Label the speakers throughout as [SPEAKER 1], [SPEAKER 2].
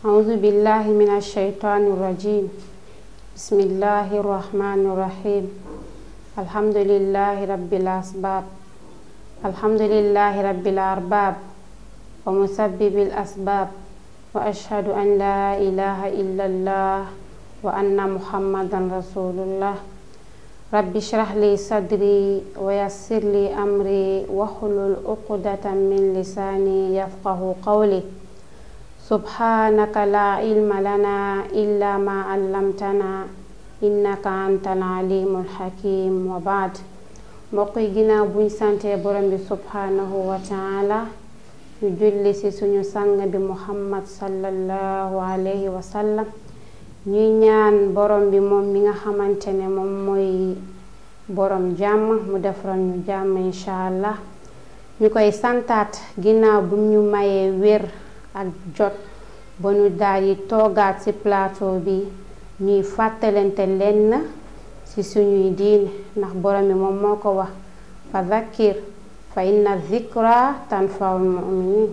[SPEAKER 1] أعوذ بالله من الشيطان الرجيم بسم الله الرحمن الرحيم الحمد لله رب الأسباب الحمد لله رب الأرباب ومسبب الأسباب وأشهد أن لا إله إلا الله وأن محمدا رسول الله رب اشرح لي صدري ويسر لي أمري واحلل عقدة من لساني يفقه قولي subhanaka la ilma lana illa ma allamtana innaka antal alimul hakim wa baad mbokk yi ginnaaw buñ santee borom bi subhanahu wa taala ñu julli ci suñu sang bi muhammad sallallahu alayhi wa sallam ñaan borom moom mi nga xamante moom mooy borom jàmm mu defaral ñu jàmm incha allah ñu koy santaat ginnaaw bu ñu mayee wér ak jot ba ñu daal di toogaat ci plateau bi ñuy fàttalante lenn ci suñuy diine ndax borom bi moom moo ko wax fa zakkir fa inna zikra tanfaul muminin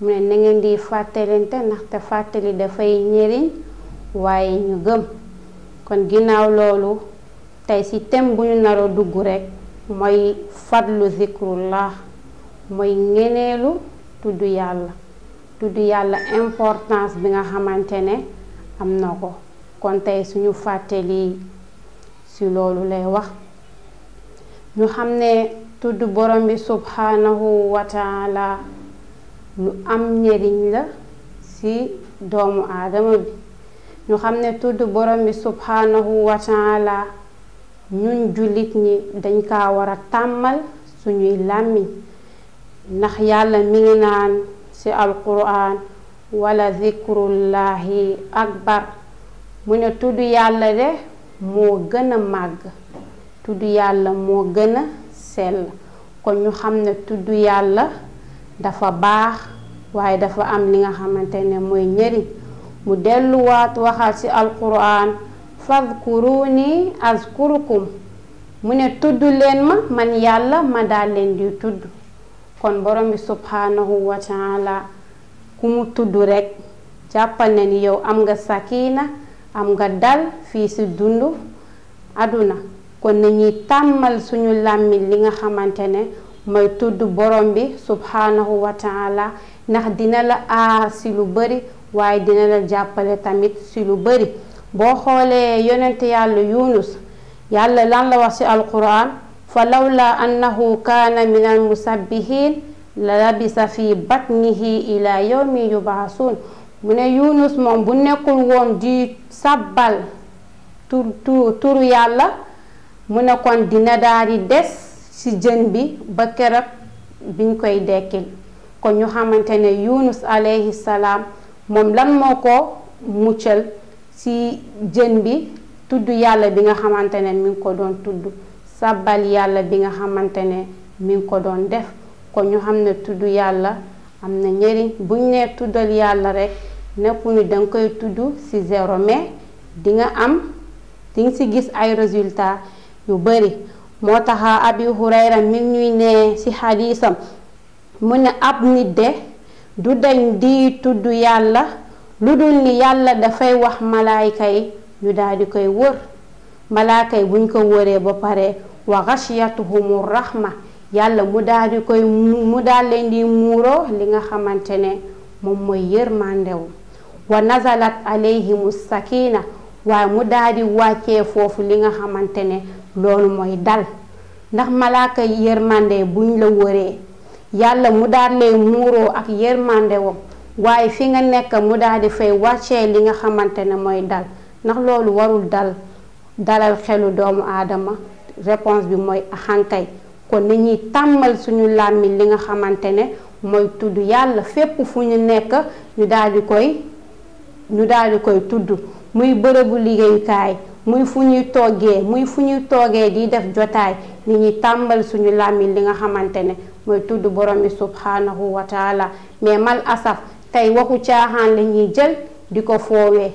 [SPEAKER 1] mu ne na ngeen di fàttalante ndaxte fàttali dafay ñëriñ waaye ñu gëm kon ginnaaw loolu tey ci tem bu ñu naroo dugg rekk mooy fadlu la mooy ngeneelu tudd yàlla tudd yàlla importance bi nga xamante ne am na ko kon tey suñu fàttee fàttali ci loolu lay wax ñu xam ne tudd borom bi subhanahu wa am njëriñ la doomu aadama bi ñu xam ne tudd borom bi subhanahu wa taala ñun jullit ñi dañ kaa war a tàmmal suñuy làmmiñ ndax yàlla mi ngi naan ci alquran wala zikrullahi akbar mu ne tudd yàlla de moo gën a màgg tudd yàlla moo gën a sell kon ñu xam ne tudd yàlla dafa baax waaye dafa am li nga xamante ne mooy njëriñ mu delluwaat waxaat ci alquran fadkuruni azkurukum mu ne tudd leen ma man yàlla ma daal leen di tudd kon borom bi subhaanahu wa taala ku mu tudd rekk jàppal ne ni yow am nga sakina am nga dal fii si dund aduna kon nañuy ñuy tàmmal suñu làmmiñ li nga xamante ne mooy tudd borom bi subhaanahu wa taala ndax dina la aar ci lu bari waaye dina la jàppale tamit ci lu bari boo xoolee yonent yàlla yunus yàlla lan la wax ci alquran falawla annahu kaana min almusabbihin la labisa fi batnihi ila yawmi yubaasuun mu ne yunus moom bu nekkul woon di sabbal tur tur turu yàlla mu ne kon dina daal di des ci jën bi ba keroog biñ koy dekkil kon ñu xamante ne yunus alayhi salaam moom lan moo ko muccal ci jën bi tudd yàlla bi nga xamante ne mu ngi ko doon tudd sàbbal yàlla bi nga xamante ne mi ngi ko doon def kon ñu xam ne tudd yàlla am na njëriñ buñ nee tuddal yàlla rek nekkuñu danga koy tudd ci zéro mais di am di ci gis ay résultat yu bari moo tax abi hurayra mi ñuy nee ci xadiisam mu ne ab nit du dañ di tudd yàlla lu dul ni yàlla dafay wax malaayka yi ñu daal di koy wër malaayka yi buñ ko wëree ba pare wa xasiyatuhumu rahma yàlla mu daal di koy mu daal leen di muuroo li nga xamante ne moom mooy yërmandew wa nazalat alayhimu sakiina waaye mu daal di wàccee foofu li nga xamante ne loolu mooy dal ndax malaaka yërmande buñ la wëree yàlla mu daal lay muuroo ak yërmandewam waaye fi nga nekk mu daal di fay wàccee li nga xamante ne mooy dal ndax loolu warul dal dalal xelu doomu aadama réponse bi mooy axankay kon ñuy tàmbal suñu làmmiñ li nga xamante ne mooy tudd yàlla fépp fu ñu nekk ñu daal koy ñu daal koy tudd muy bërëbu liggéeyukaay muy fu ñuy toggee muy fu ñuy toogee di def jotaay ni ñuy tàmbal suñu làmmiñ li nga xamante ne mooy tudd borom bi subhanahu wa taala mais mal asaf tey waxu caaxaan la jël di ko foowee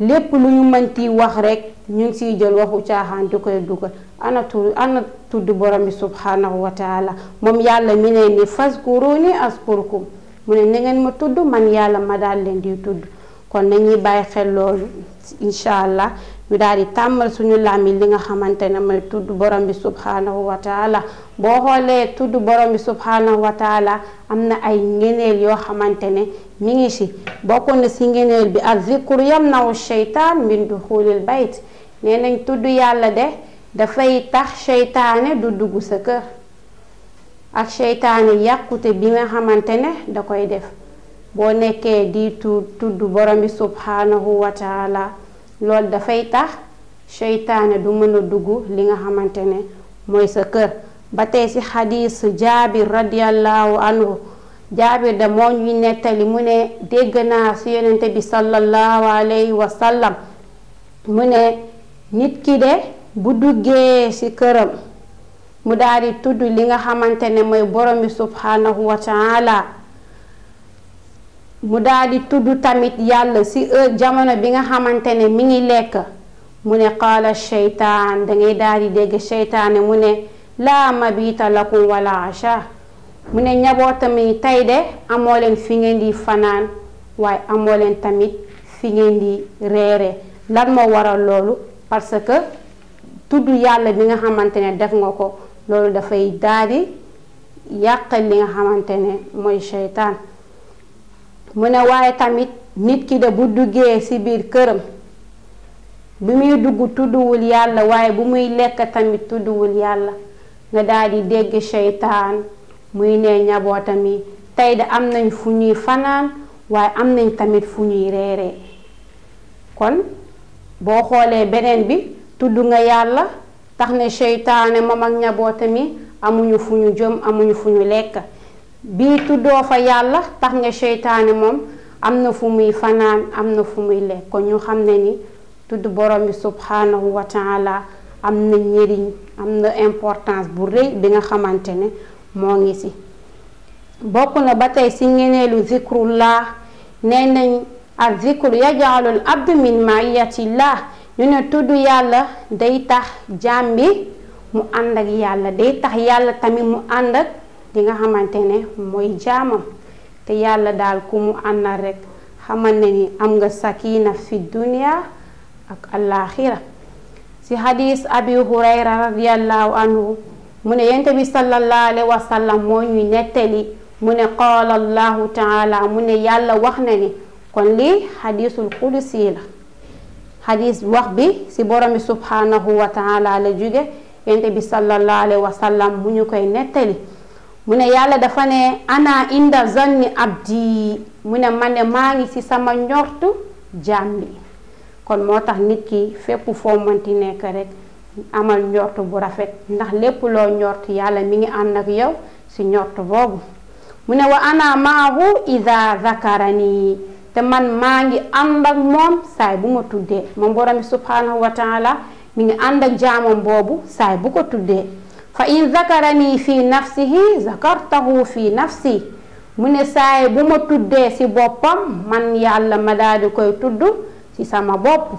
[SPEAKER 1] lépp lu ñu ti wax rekk ñu ngi siy jël waxu caaxaan di koy dugal ana tudd ana tudd borom bi subhaanahu wa taala moom yàlla mi ne ni faskuruni askurkum mu ne na ngeen ma tudd man yàlla ma daal leen di tudd kon nañuy bàyyi xel loolu incha allah ñu daal di tàmmal suñu làmmiñ li nga xamante ne mooy tudd borom bi subhanahu wa taala boo xoolee tudd borom bi subhanahu wa taala am na ay ngeneel yoo xamante ne mi ngi si bokk na si ngeneel bi ak zikru yamnawu sheytaan min duxulil bayt nee nañ tudd yàlla de dafay tax seytaane du dugg sa kër ak seytaane yàqute bi nga xamante ne da koy def boo nekkee di tudd borom bi subhanahu wa taala loolu dafay tax seytaane du mën a dugg li nga xamante ne mooy sa kër ba tey ci xadiis jaabir radiallahu anhu jaabir da moo ñuy nettali mu ne dégg naa ci yonente bi sallallahu alayhi wa sallam mu ne nit ki de bu duggee ci këram mu daal tudd li nga xamante ne mooy borom bi subhaanahu wa mu daadi di tudd tamit yàlla si heure jamono bi nga xamante ne mi ngi lekk mu ne qaala sheytaan dangay daal di dégg sheytaane mu ne laa mabita lakum wala acha mu ne njabootam yi tey de amoo leen fi ngeen di fanaan waaye amoo leen tamit fi ngeen di reere lan moo waral loolu parce que tudd yàlla bi nga xamante ne def nga ko loolu dafay daal di yàqal li nga xamante ne mooy sheytaan mu ne waaye tamit nit ki de bu duggee ci biir këram bi muy dugg tudduwul yàlla waaye bu muy lekk tamit tudduwul yàlla nga daal dégg seytaan muy ne njabootam yi tey de am nañ fu ñuy fanaan waaye am nañ tamit fu ñuy reere kon boo xoolee beneen bi tudd nga yàlla tax ne seytaane moom ak njabootam yi amuñu fu ñu jëm amuñu fu ñu lekk bii tuddoo fa yàlla tax nga seytaane moom am na fu muy fanaan am na fu muy lekk kon ñu xam ne ni tudd borom bi subhanahu wa taala am na njëriñ am na importance bu rëy bi nga xamante ne moo ngi ci bokk na ba tey si ngeneelu zikrullah nee nañ ak zikru yajaalul abdu min maiyatillah ñu ne tudd yàlla day tax jaam bi mu ànd ak yàlla day tax yàlla tamit mu ànd ak li nga xamante ne mooy jaamam te yàlla daal ku mu àndal rekk xamal ne ni am nga sakina fi dunia ak alaaxira ci xadiis abi hurayra radiallahu anhu mu ne yonent bi sallallahu alayhi yàlla wax na ni kon lii xadiisul xudsi la xadiis wax bi ci borom bi subhaanahu wa taala la jóge yonent bi sallallahu alayhi wa mu ñu koy nettali mu ne yàlla dafa ne ana inda zanni abdi mu ne man maa ngi ci sama njortu jaam kon moo tax nit ki fépp foo mënti nekk rek amal njort bu rafet ndax lépp loo njort yàlla mi ngi ànd ak yow ci njort boobu mu ne wa ana maahu ida zakarani te man maa ngi ànd moom saay bu ma tuddee moom borom bi subhanahu wa ngi ànd ak jaamam boobu saay bu ko tuddee fa in zakarani fi nafsihi zakartahu fi nafsi mu ne saay bu ma tuddee ci boppam man yàlla ma daal di koy tudd ci sama bopp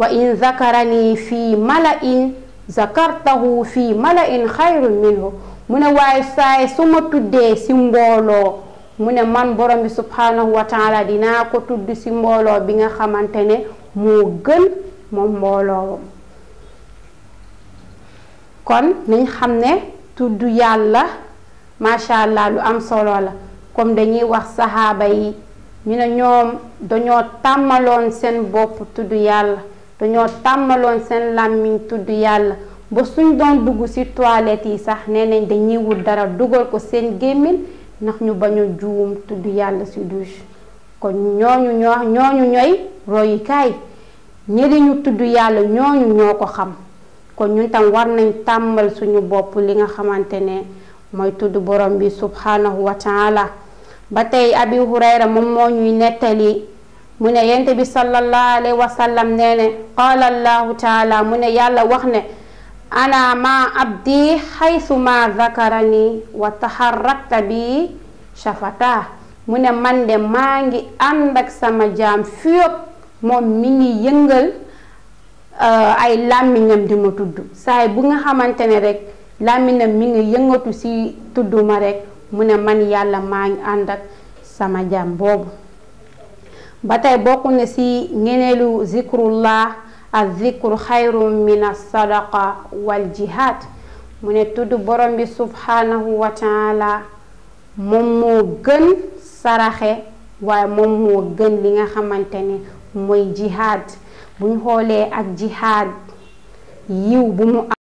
[SPEAKER 1] wa in zakarani fi mala in zakartahu fi mala in xayrun minhu mu waaye saay su ma tuddee ci mbooloo mu ne man borom bi subhaanahu wa taala dinaa ko tudd ci mbooloo bi nga xamante ne moo gën moom mbooloo kon nañ xam ne tudd yàlla macha allah lu am solo la comme dañuy wax saxaaba yi ñu ne ñoom dañoo tàmmaloon seen bopp tudd yàlla dañoo tàmmaloon seen làmmiñ tudd yàlla ba suñ doon dugg ci toilette yi sax nee nañ dañuy wut dara dugal ko seen gémmiñ ndax ñu bañu a juum tudd yàlla ci douche kon ñooñu ñooy royukaay ñi ñu tudd yàlla ñooñu ñoo ko xam kon ñu tam war nañ tàmbal suñu bopp li nga xamante ne mooy tudd borom bi subhanahu wa ba tey abi hurayra moom moo ñuy nettali mu ne yente bi sallallahu alayhi wa sallam nee qaala allahu taala mu ne yàlla wax ne ana ma abdi xaysu ma zakarani wa taxarrakta bi shafata mu ne man de maa ngi ànd ak sama jaam fiyop moom mi ngi yëngal Euh, ay làmmiñam di ma tudd saay bu nga xamante ne rek làmmiñam mi ngi yëngatu si tudd ma rek mu ne man yàlla maa ngi ànd ak sama jàmm boobu ba tey bokk na si ngeneelu zikrullah ak zikru xayrum min asadaqa wal jihad mu ne tudd borom bi subhanahu wa taala moom moo gën saraxe waaye moom moo gën li nga xamante ne mooy jihad buñ xoolee ak jihaad yiw bu mu